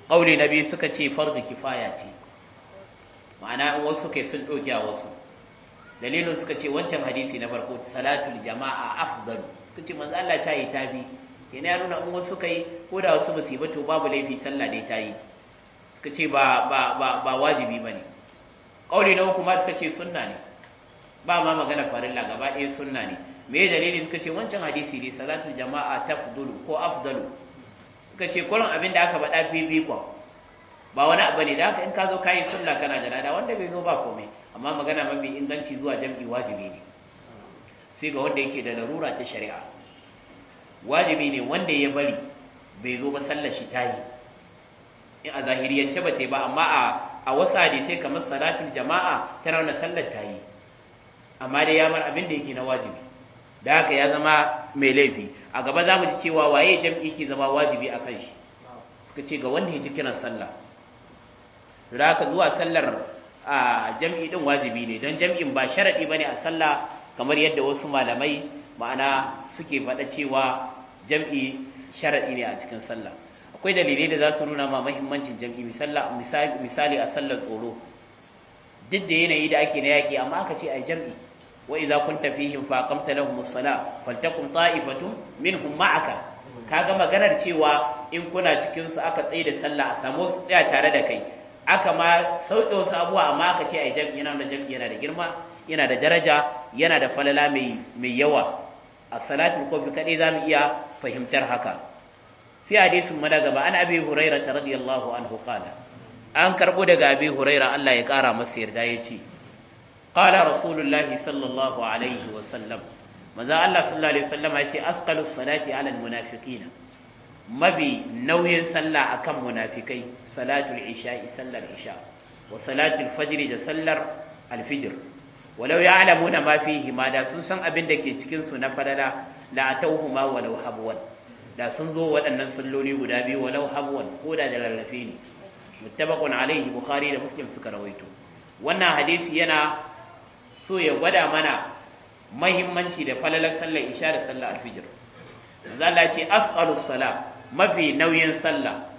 ƙauli na biyu suka ce farga kifaya ce ma'ana in wasu kai sun ɗauki a wasu dalilin suka ce wancan hadisi na farko salatul jama'a afdalu suka ce manzo Allah ta yi tabi yana ya nuna in wasu kai ko da wasu ba su yi ba to babu laifi sallah dai ta yi suka ce ba ba ba wajibi Kauri na uku ma suka ce sunna ne ba ma magana farilla gaba ɗaya sunna ne me dalili suka ce wancan hadisi ne salatul jama'a tafdulu ko afdalu suka ce kullum abin da aka faɗa kwa ba wani abu ne da haka in ka zo kayi sunna kana da lada wanda bai zo ba komai amma magana mafi inganci zuwa jam'i wajibi ne sai ga wanda yake da larura ta shari'a wajibi ne wanda ya bari bai zo ba sallar shi yi. in a zahiriyance ba ta yi ba amma a a wasu hadisai kamar salatul jama'a ta rauna sallar ta yi amma dai ya bar abin da yake na wajibi da haka ya zama mai laifi a gaba za mu ci cewa waye jam'i ke zama wajibi a kan shi suka ce ga wanda ya ji kiran sallah da haka zuwa sallar a jam'i din wajibi ne don jam'in ba sharaɗi ba ne a sallah kamar yadda wasu malamai ma'ana suke faɗa cewa jam'i sharaɗi ne a cikin sallah akwai dalilai da za su nuna ma mahimmancin jam'i misali a sallar tsoro duk da yanayi da ake na yaƙi amma aka ce a jam'i wa idza kunta fihim fa aqamta lahum as-salah Min, Humma, Aka. Ka kaga maganar cewa in kuna cikin su aka tsaye da sallah a samu su tsaya tare da kai aka ma sauke wasu abuwa amma aka ce a jam'i yana da jam'i yana da girma yana da daraja yana da falala mai yawa a salatin kofi kaɗai za mu iya fahimtar haka sai hadisin mu gaba an abi huraira radiyallahu anhu qala an karbo daga abi huraira Allah ya kara masa yarda ya ce. Ƙala rasulullahi sallallahu alaihi wa sallam maza Allah sallallahu alaihi wa sallam yace asqalus salati ala almunafiqina mabi nauyin sallah akan munafikai salatul isha'i sallar isha wa salatul fajr da sallar alfijr walau ya'lamuna ma fihi ma da sun san abin da ke cikin su na fadala la atawhuma walau habwan da sun zo waɗannan salloli guda biyu walau habwan ko da da lallafe ne muttabaqun alaihi bukhari da muslim suka rawaito wannan hadisi yana so ya gwada mana mahimmanci da falalar sallar isha da sallar alfijir manzo Allah ce asqalus sala mafi nauyin sallah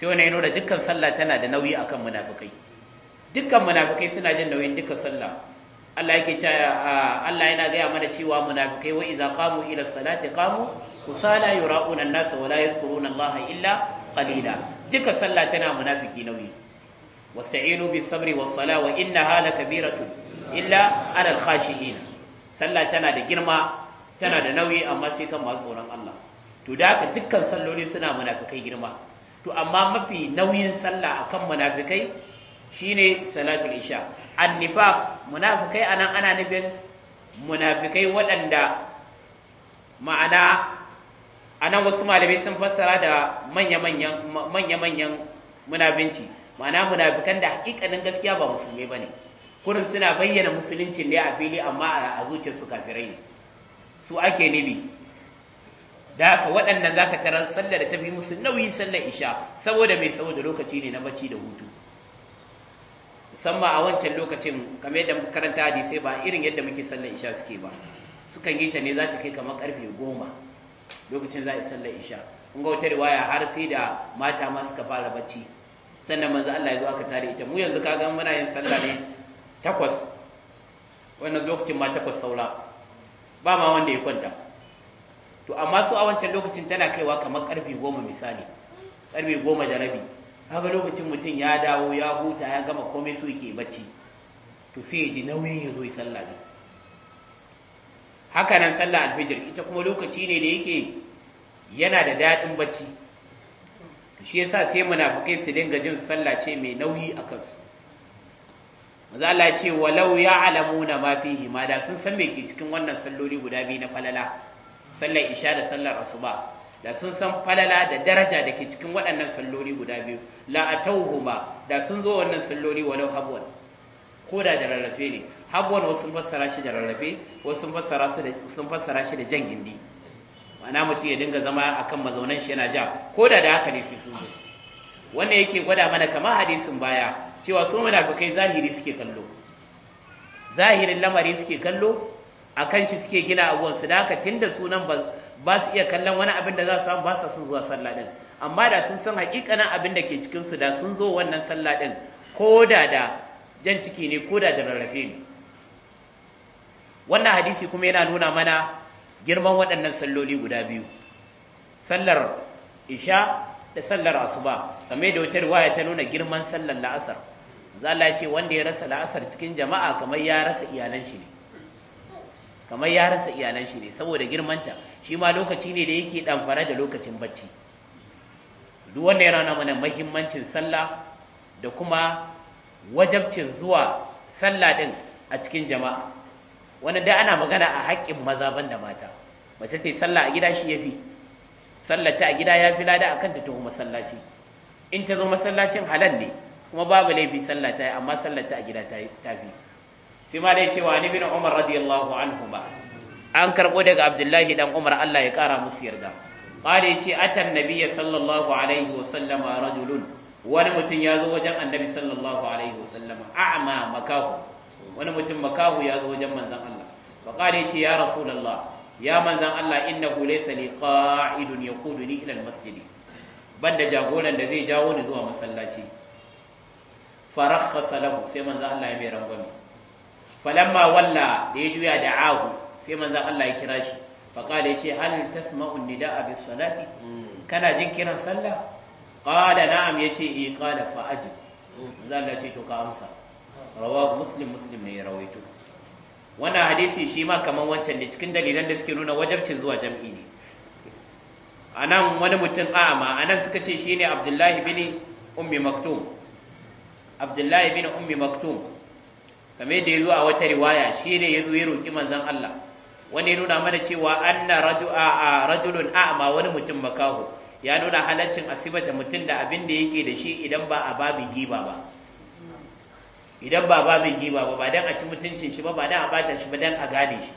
sai wani yana da dukkan sallah tana da nauyi akan munafikai dukkan munafikai suna jin nauyin dukkan sallah Allah yake cewa ah, Allah yana gaya mana cewa munafikai wa idza qamu ila salati qamu kusala yura'una an-nas wa la yadhkuruna Allah illa qalila duka sallah tana munafiki nauyi wasta'inu bis-sabri was-sala wa innaha lakabiratun illa 'alal khashihin sallah tana da girma tana da nauyi amma sai kan masu tsoron Allah to da haka dukkan salloli suna munafikai girma to amma mafi nauyin sallah akan munafikai shine salatul isha annifaq munafikai anan ana nufin munafikai waɗanda ma'ana anan wasu malamai sun fassara da manya-manyan manya-manyan munabinci ma'ana munafikan da hakikanin gaskiya ba musulmai bane kurin suna bayyana musulunci ne a fili amma a zuciyarsu kafirai ne su ake nibi da haka waɗannan zaka tarar sallar da tafi fi musu nauyi sallar isha saboda mai saboda lokaci ne na bacci da hutu musamman a wancan lokacin kamar yadda makaranta hadisai ba irin yadda muke sallar isha suke ba sukan yi ta ne za ta kai kamar karfe goma lokacin za a yi sallar isha in ga wata riwaya har sai da mata ma suka fara bacci sannan manzo Allah ya zo aka tare ita mu yanzu ka kaga muna yin sallah ne takwas wannan lokacin ma takwas saura ba ma wanda ya kwanta to amma su a wancan lokacin tana kaiwa kamar karfe goma misali karfe goma da rabi haka lokacin mutum ya dawo ya huta ya gama komai so yake bacci to sai ya ji nauyin ya zo ya sallah ne haka nan tsalla alfijir ita kuma lokaci ne da yake yana da daɗin bacci shi yasa sai munafukai su dinga jin sallah ce mai nauyi a kansu maza Allah ce walau ya alamu na mafi hima, da sun san me ke cikin wannan salloli guda biyu na falala sallar isha da sallar asuba da sun san falala da daraja da ke cikin waɗannan salloli guda biyu la atauhuma da sun zo wannan salloli walau habwan ko da da rarrafe ne habwan wasu fassara shi da rarrafe wasu sun fassara shi da jan gindi ma'ana mutum ya dinga zama a kan mazaunan shi yana ja ko da da haka ne su sun zo wannan yake gwada mana kama hadisin baya cewa su munafikai zahiri suke kallo zahirin lamari suke kallo a kan shi suke gina abuwan su da haka tun da sunan ba su iya kallon wani abin da za su samu ba su sun zuwa sallah din amma da sun san hakikanin abin da ke cikin su da sun zo wannan sallah din ko da da jan ciki ne ko da da rarrafe ne wannan hadisi kuma yana nuna mana girman waɗannan salloli guda biyu sallar isha da sallar asuba kamar da wutar waya ta nuna girman sallar la'asar Za zala ce wanda ya rasa la'asar cikin jama'a kamar ya rasa iyalan shi ne kamar ya rasa iyalan shi ne saboda girmanta shi ma lokaci ne da yake damfara da lokacin bacci duk wanda yana rana mana muhimmancin sallah da kuma wajabcin zuwa sallah a cikin jama'a Wani dai ana magana a haƙƙin maza banda mata mace ta yi sallah a gida shi yafi fi. Sallata a gida ya fi lada a kanta taho masallaci in ta zo masallacin halal ne kuma babu laifi sallata yi amma sallata a gida ta fi sai ma dai cewa ni bin Umar radiyallahu anhu ba an karbo daga Abdullahi dan Umar Allah ya kara musu yarda qala yace atan nabiyya sallallahu alaihi wa sallama rajulun wani mutum ya zo wajen annabi sallallahu alaihi wasallam a'ma makahu wani mutum makahu ya zo wajen manzon Allah fa qala yace ya rasulullah ya manzon Allah innahu laysa li qa'idun yaquduni ila al-masjid banda jagoran da zai jawo ni zuwa masallaci farakhasa lahu sai manzon Allah ya mai rangwame falamma walla da ya juya da ahu sai manzon Allah ya kira shi fa qala yace hal tasma'u an-nida'a bis-salati mm. kana jin kiran sallah qala na'am yace eh qala fa aji. manzo Allah ce to ka amsa rawahu muslim muslim ne ya rawaito wannan hadisi shi ma kaman wancan ne cikin dalilan da suke nuna wajabcin zuwa jam'i ne anan wani mutum a anan suka ce shine Abdullahi bin Ummi Maktum Abdullahi bin Ummi Maktum kamar da yazo a wata riwaya shine yazo ya roki manzon Allah Wani ya nuna mana cewa anna rajulun a'ama wani mutum makaho ya nuna halaccin asibata mutum da abin da yake da shi idan ba a babin giba ba idan ba babin giba ba ba dan a ci mutuncin shi ba ba dan a bata shi ba dan a gane shi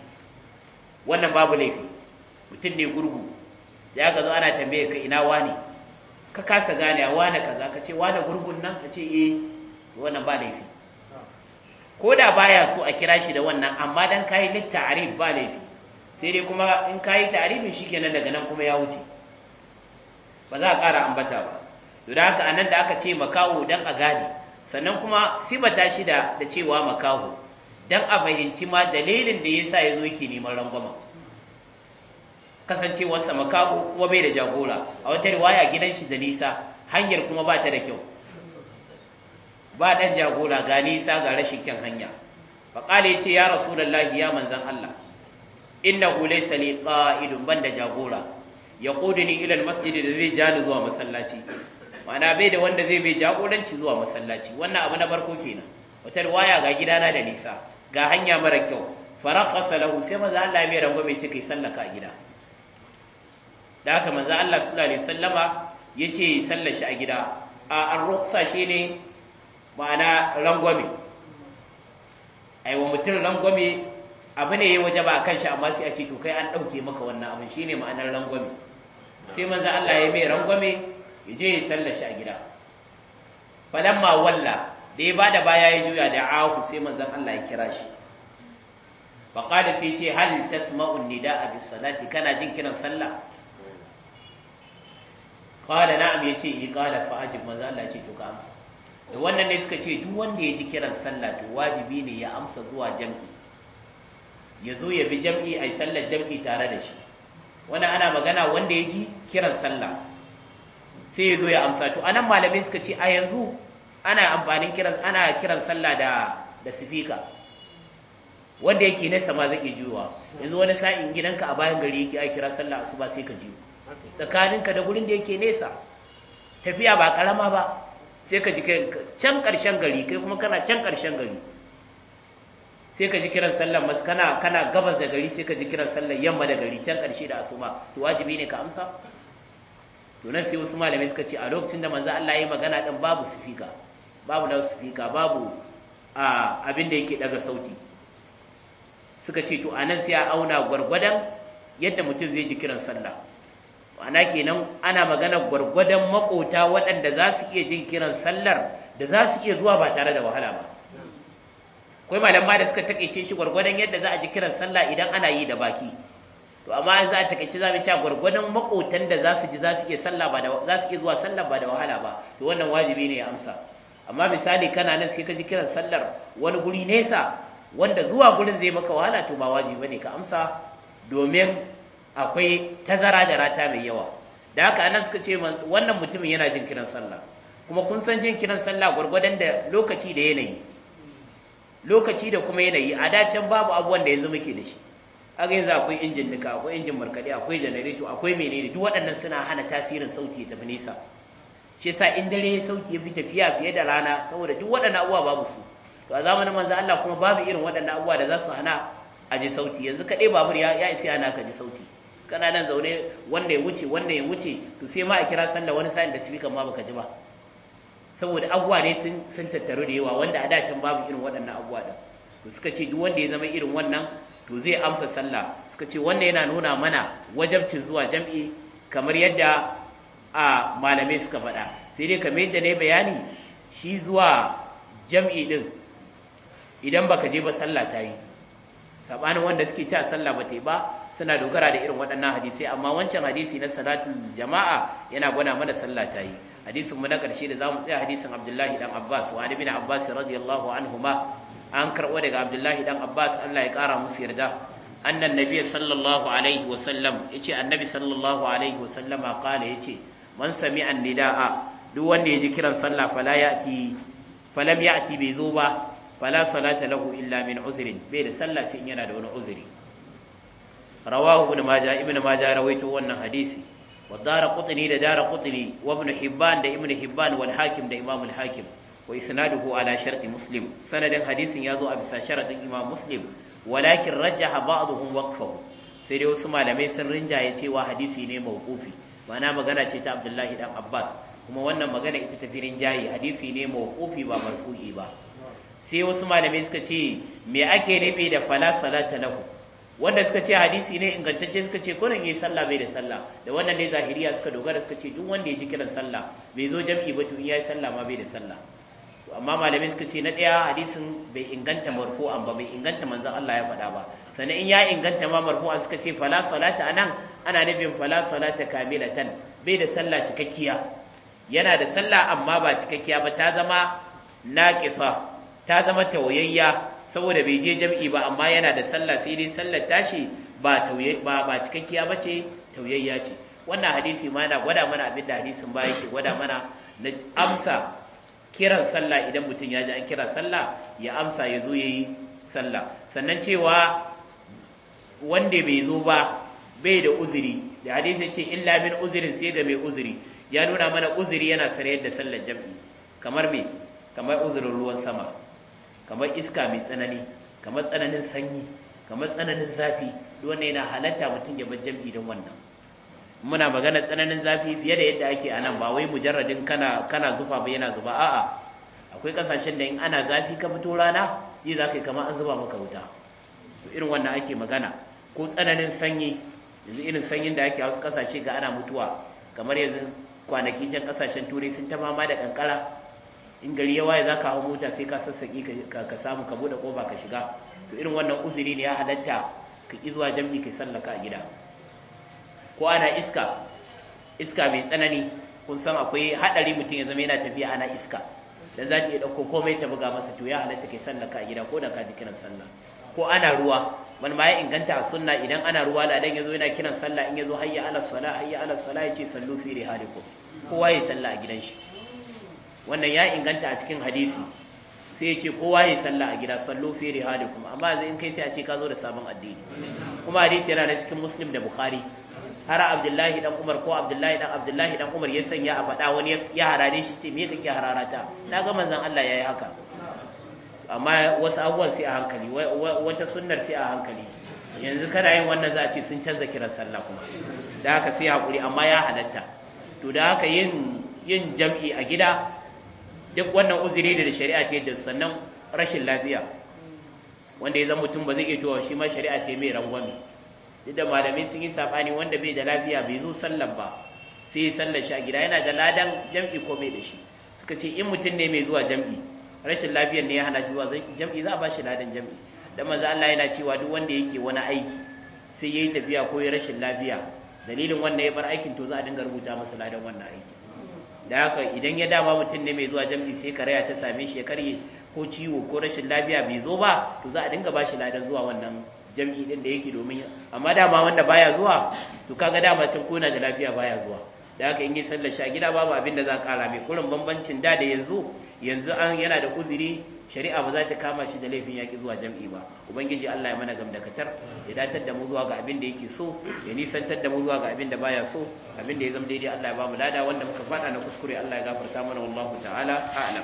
wannan babu laifi mutum ne gurgu ya ka zo ana tambaye ka ina wani ka kasa gane a wane kaza ka ce wane gurgun nan ka ce eh wannan ba laifi ko da baya so a kira shi da wannan amma dan kai littarin ba laifi sai dai kuma in kai ta'arifin shikenan daga nan kuma ya wuce ba za a ƙara ambata ba to haka haka anan da aka ce makaho dan a gane sannan kuma sibata shi da cewa makaho don a fahimci ma dalilin da ya sa ya zo yake neman rangwama kasancewarsa makaho kuma bai da jagora a wata riwaya gidan shi da nisa hanyar kuma ba ta da kyau ba dan jagora ga nisa ga rashin kyan hanya ya ce ya rasu da ya manzan Allah inna hu laysa ƙa'idun ban da jagora ya quduni ilal masjidi da zai ja ni zuwa masallaci ma'ana bai da wanda zai bai jagoranci zuwa masallaci wannan abu na barko kenan wata waya ga gidana da nisa ga hanya mara kyau faraqasa lahu sai maza Allah ya mai rangwame ce kai sallaka a gida da haka manzo Allah sallallahu alaihi wasallama yace sallar shi a gida a shi ne ma'ana rangwame aiwa mutum rangwame abu ne ya waje ba a kan shi amma sai a ce to kai an ɗauke maka wannan abin shi ne ma'anar rangwame sai manzan Allah ya mai rangwame ya je ya sallashi a gida ma walla da ya bada baya ya juya da ahu sai manzan Allah ya kira shi faqala sai ce hal tasma'u nida'a bis salati kana jin kiran sallah qala na'am yace yi qala fa ajib manzan Allah ya ce to ka amsa da wannan ne suka ce duk wanda ya ji kiran sallah to wajibi ne ya amsa zuwa jam'i ya zo ya bi jam'i a sallar jam'i tare da shi wani ana magana wanda ya ji kiran sallah sai ya zo ya amsa to anan malamai suka ce a yanzu ana amfanin kiran ana kiran sallah da da sifika wanda yake nesa ma zai jiwa yanzu wani sa'in gidanka a bayan gari yake a kiran sallah asuba sai ka ji tsakaninka da gurin da yake nesa tafiya ba karama ba sai ka ji can karshen gari kai kuma kana can karshen gari sai ka ji kiran sallar masu, kana kana gabas da gari sai ka ji kiran sallar yamma da gari can karshe da asuba to wajibi ne ka amsa to nan sai wasu malamai suka ce a lokacin da manzo Allah ya magana din babu sifika babu da sifika babu a abin da yake daga sauti suka ce to anan sai a auna gwargwadon yadda mutum zai ji kiran sallah ana kenan ana magana gwargwadon makota waɗanda za su iya jin kiran sallar da za su iya zuwa ba tare da wahala ba akwai malamma da suka takaice shi gwargwadon yadda za a ji kiran sallah idan ana yi da baki to amma in za a takaice za mu ci gwargwadon makotan da za su ji za su iya sallah ba da za su iya zuwa sallah ba da wahala ba to wannan wajibi ne ya amsa amma misali kana nan sai ka ji kiran sallar wani guri nesa wanda zuwa gurin zai maka wahala to ba wajibi bane ka amsa domin akwai tazara da rata mai yawa da haka anan suka ce wannan mutumin yana jin kiran sallah kuma kun san jin kiran sallah gwargwadon da lokaci da yanayi lokaci da kuma yanayi a dacen babu abuwan da yanzu muke da shi a yanzu akwai injin nika akwai injin markaɗe akwai janareto akwai menene duk waɗannan suna hana tasirin sauti ya tafi nesa shi yasa in dare ya sauti ya fi tafiya fiye da rana saboda duk waɗannan abubuwa babu su to a zamanin manzo Allah kuma babu irin waɗannan abubuwa da za su hana a ji sauti yanzu kaɗai babur ya ya isa hana ka ji sauti kana nan zaune wanda ya wuce wanda ya wuce to sai ma a kira sanda wani sa'in da speaker ma baka ji ba saboda agwa ne sun tattaru da yawa wanda a dacin babu irin waɗannan agwa da to suka ce duk wanda ya zama irin wannan to zai amsa sallah suka ce wannan yana nuna mana wajabcin zuwa jam'i kamar yadda a malamai suka faɗa sai dai kamar yadda na bayani shi zuwa jam'i din idan baka je ba sallah ta yi sabanin wanda suke cewa sallah ba ta yi ba suna dogara da irin waɗannan hadisai amma wancan hadisi na salatul jama'a yana gwana mana sallah ta yi hadisin mu na karshe da zamu tsaya hadisin Abdullahi dan Abbas wa Ali Abbas radiyallahu anhuma an karbo daga Abdullahi dan Abbas Allah ya kara musu yarda annan nabiyyi sallallahu alaihi wa sallam yace annabi sallallahu alaihi wa sallama qala yace man sami'a nidaa duk wanda ya ji kiran sallah fala ya'ti falam ya'ti bai zo ba fala salata lahu illa min uzrin bai da sallah sai yana da wani uzuri rawahu ibn majah ibn majah rawaito wannan hadisi wa dara qutni da dara qutni wa hibban da ibn hibban wal hakim da imam al hakim wa ko ala sharti muslim sanadin hadisin ya zo a bisa sharadin imam muslim walakin rajjaha ba'dhum waqfahu sai dai wasu malamai sun rinjaye cewa hadisi ne mawqufi ma'ana magana ce ta abdullahi dan abbas kuma wannan magana ita ta firin jayi hadisi ne mawqufi ba marfu'i ba sai wasu malamai suka ce me ake nufi da fala salata lahu wanda suka ce hadisi ne ingantacce suka ce kunan yi sallah bai da sallah da wannan ne zahiriya suka dogara suka ce duk wanda ya ji kiran sallah bai zo jam'i ba to yayi sallah ma bai da sallah amma malamai suka ce na daya hadisin bai inganta marfu'an ba bai inganta manzon Allah ya faɗa ba sannan in ya inganta ma marfu'an suka ce fala salata anan ana nufin fala salata kamilatan bai da sallah cikakkiya yana da sallah amma ba cikakkiya ba ta zama naqisa ta zama tawayayya saboda bai je jam'i ba amma yana da sallah sai dai sallar tashi ba tauye ba ba cikakkiya tauyayya ce wannan hadisi ma yana gwada mana abin da hadisin ba yake gwada mana na amsa kiran sallah idan mutum ya ji an kira sallah ya amsa ya zo yayi sallah sannan cewa wanda bai zo ba bai da uzuri da hadisi ya ce illa min uzurin sai ga mai uzuri ya nuna mana uzuri yana sarayar da sallar jam'i kamar me kamar uzurin ruwan sama kamar iska mai tsanani kamar tsananin sanyi kamar tsananin zafi wannan yana halatta mutum ya bar jam'i don wannan muna magana tsananin zafi fiye da yadda ake a nan ba wai mujarradin kana kana zufa ba yana zuba a'a akwai kasashen da in ana zafi ka fito rana yi za ka yi kamar an zuba maka wuta to irin wannan ake magana ko tsananin sanyi yanzu irin sanyin da ake a wasu kasashe ga ana mutuwa kamar yanzu kwanaki can kasashen turai sun ta mama da kankara in gari ya waye za ka hau mota sai ka sassaƙi ka samu ka buɗe ƙofa ka shiga to irin wannan uzuri ne ya halatta ka ƙi zuwa jam'i ka sallaka a gida ko ana iska iska mai tsanani kun san akwai haɗari mutum ya zama yana tafiya ana iska dan za ta iya ɗauko komai ta buga masa to ya halatta kai sallaka a gida ko da ka ji kiran sallah ko ana ruwa man ma ya inganta a sunna idan ana ruwa ladan zo yana kiran sallah in ya zo, hayya ala sala hayya ala sala ya ce sallu fi rihalikum kowa ya sallah a gidan shi wannan ya inganta a cikin hadisi sai ya ce kowa ya sallah a gida sallo fi kuma. amma zai in kai sai a ce ka zo da sabon addini kuma hadisi yana da cikin muslim da bukhari har abdullahi dan umar ko abdullahi dan abdullahi dan umar ya sanya a faɗa wani ya harare shi ce me kake hararata na ga manzon Allah yayi haka amma wasu abubuwan sai a hankali wata sunnar sai a hankali yanzu kana yin wannan za a ce sun canza kiran sallah kuma da haka sai hakuri amma ya halatta to da haka yin yin jam'i a gida duk wannan uzuri da shari'a ta yadda sannan rashin lafiya wanda ya zama mutum ba zai iya towa shi ma shari'a ta mai rangwami. duk da malamai sun yi sabani wanda bai da lafiya bai zo sallan ba sai ya sallan shi a gida yana da ladan jam'i ko mai da shi suka ce in mutum ne mai zuwa jam'i rashin lafiyar ne ya hana shi zuwa jam'i za a ba shi ladan jam'i Da manzo Allah yana cewa duk wanda yake wani aiki sai yayi tafiya ko ya rashin lafiya dalilin wannan ya bar aikin to za a dinga rubuta masa ladan wannan aiki da haka idan ya dama mutum ne mai zuwa jam'i sai ka karaya ta same shi ya ko ciwo ko rashin lafiya bai zo ba to za a dinga ba shi ladan zuwa wannan jam'i din da yake domin amma dama wanda baya zuwa to kaga dama can kona da lafiya baya zuwa da haka in yi sallar shi a gida babu abin da za kara mai kurin bambancin da da yanzu yanzu an yana da uzuri shari'a ba za ta kama shi da laifin yaƙi zuwa jam'i ba ubangiji Allah ya mana gamdakatar ya datar da mu zuwa ga abin da yake so ya nisantar da mu zuwa ga abin da baya so abin da ya zama daidai Allah ya ba mu lada wanda muka faɗa na kuskure Allah ya gafarta mana wallahu ta'ala a'lam